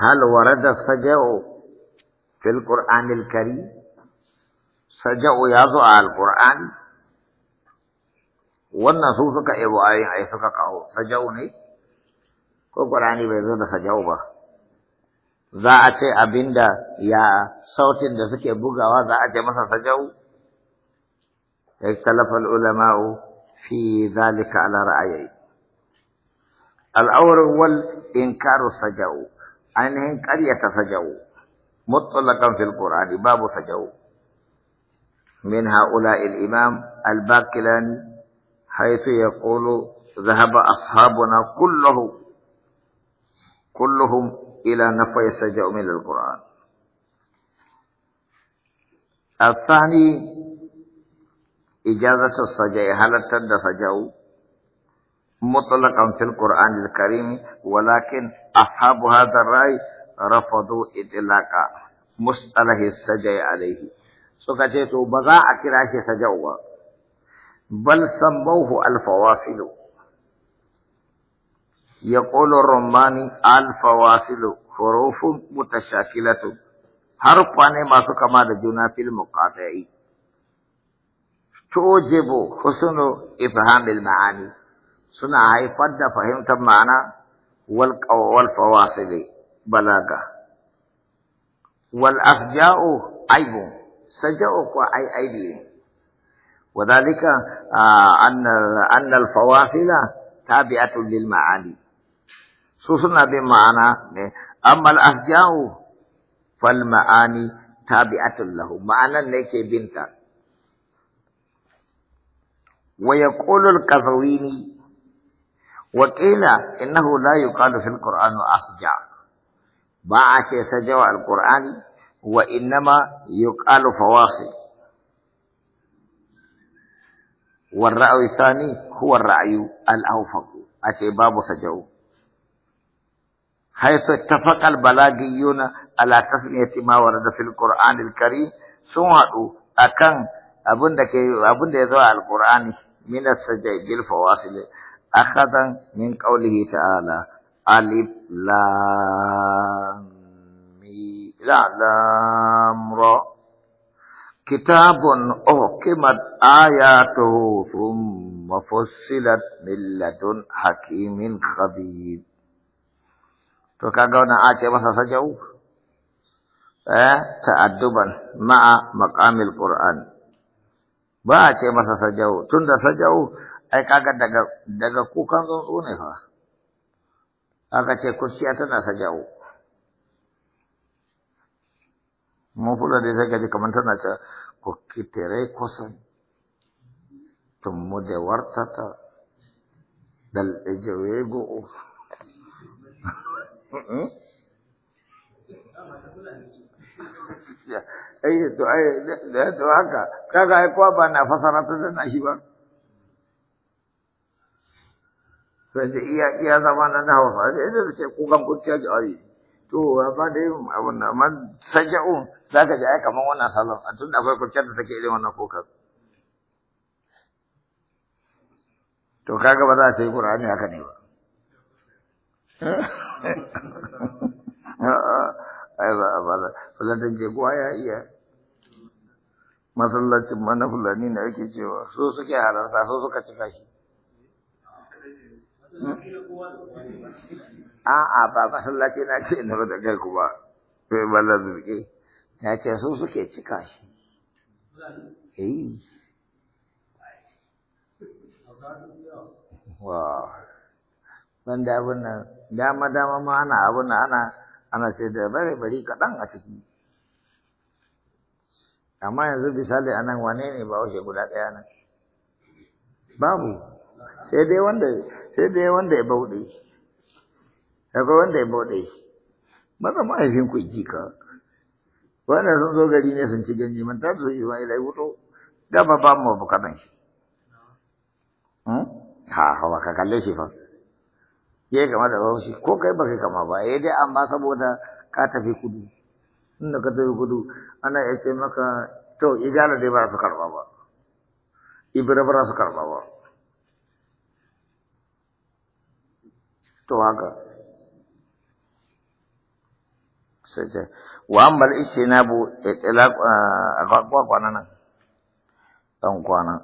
هل ورد سجع في القرآن الكريم سجع يضع القرآن والنصوص كأبو آي عيسو كقعو سجعوني كو قرآن بيزد سجعو با ذاعت أبند يا صوت دسك بغا أتي مسا سجعو اختلف العلماء في ذلك على رأيي الأول هو الإنكار السجعو عنهم قرية فجو مطلقا في القرآن باب فجو من هؤلاء الإمام الباكلان حيث يقول ذهب أصحابنا كله كلهم إلى نفع سجأ من القرآن الثاني إجازة السجأ هل تد فجأ مطلقا في القرآن الكريم ولكن أصحاب هذا الرأي رفضوا إطلاق مصطلح السجع عليه سكتيتو بضاء كراش سجوا بل سموه الفواصل يقول الرماني الفواصل حروف متشاكلة حرف پانے ما سو کما دجنا في المقاطع توجب حسن إفهام المعاني suna haifar da fahimtar ma'ana wal fawasili balaga wal afja'u aibu saja'u ko ai aibi ne وذلك آه، أن أن الفواصل تابعة للمعاني سوسنا بمعنى أما الأفجاء فالمعاني تابعة له معنى لك بنت ويقول القذويني وقيل إنه لا يقال في القرآن أصجع باع سجع القرآن وإنما يقال فواصل والرأي الثاني هو الرأي الأوفق أتي باب سجع حيث اتفق البلاغيون على تسمية ما ورد في القرآن الكريم سمعوا أكن أبن دك أبن القرآن من السجع بالفواصل أخذا من قوله تعالى ألف لام لا لام را كتاب أحكمت آياته ثم فصلت ملة حكيم خبير تكادون آتي وصف جوه تأدبا مع مقام القرآن Qur'an. Baca masa sejauh, tunda ai kaga daga daga kukan tsuntsu ne fa aka ce kurciya tana ta jawo Mu fula da zaka ji kamar tana ce ko kitere kusan mu da wartata dal ejewe go hmm? ai to ai da haka kaga ai kwa ba na fasara ta tana shi ba sai um, da eh, ah, eh, iya iya zama na na hausa sai da ce kukan kuciya ki ari to amma dai abun nan amma saja'u za ka ji ai kamar wannan salon a tun da akwai kuciyar da take irin wannan kokar to kaga ba za ta yi qur'ani haka ne ba ai ba ba fulatan je kuwa ya iya masallacin mana fulani na yake cewa so suke halarta so suka cika shi A'a ba masallaci na ce na da kai ku ba, sai bala zurke, ta ce su suke cika shi. Eh. Wa, ban da abin nan, dama dama ma ana abin nan ana ana ce da bare bari kaɗan a ciki. Amma yanzu misali a nan wane ne ba wuce guda ɗaya nan? Babu. sai dai wanda sai dai wanda ya bauɗe akwai wanda ya bauɗe maza mahaifin ku ji ka wanda sun zo gari ne sun ci ganji man ta zo Isma'ila ila wuto dama ba mu bukatan shi hmm? ha hawa ka kalle shi fa ya kama da shi ko kai ba kai kama ba ya dai amma saboda ka tafi kudu inda ka tafi kudu ana yace ce maka to igala dai ba su karba ba ibira ba su karba ba to haka sai wa ambal istinabu itlaq a kwana nan dan kwana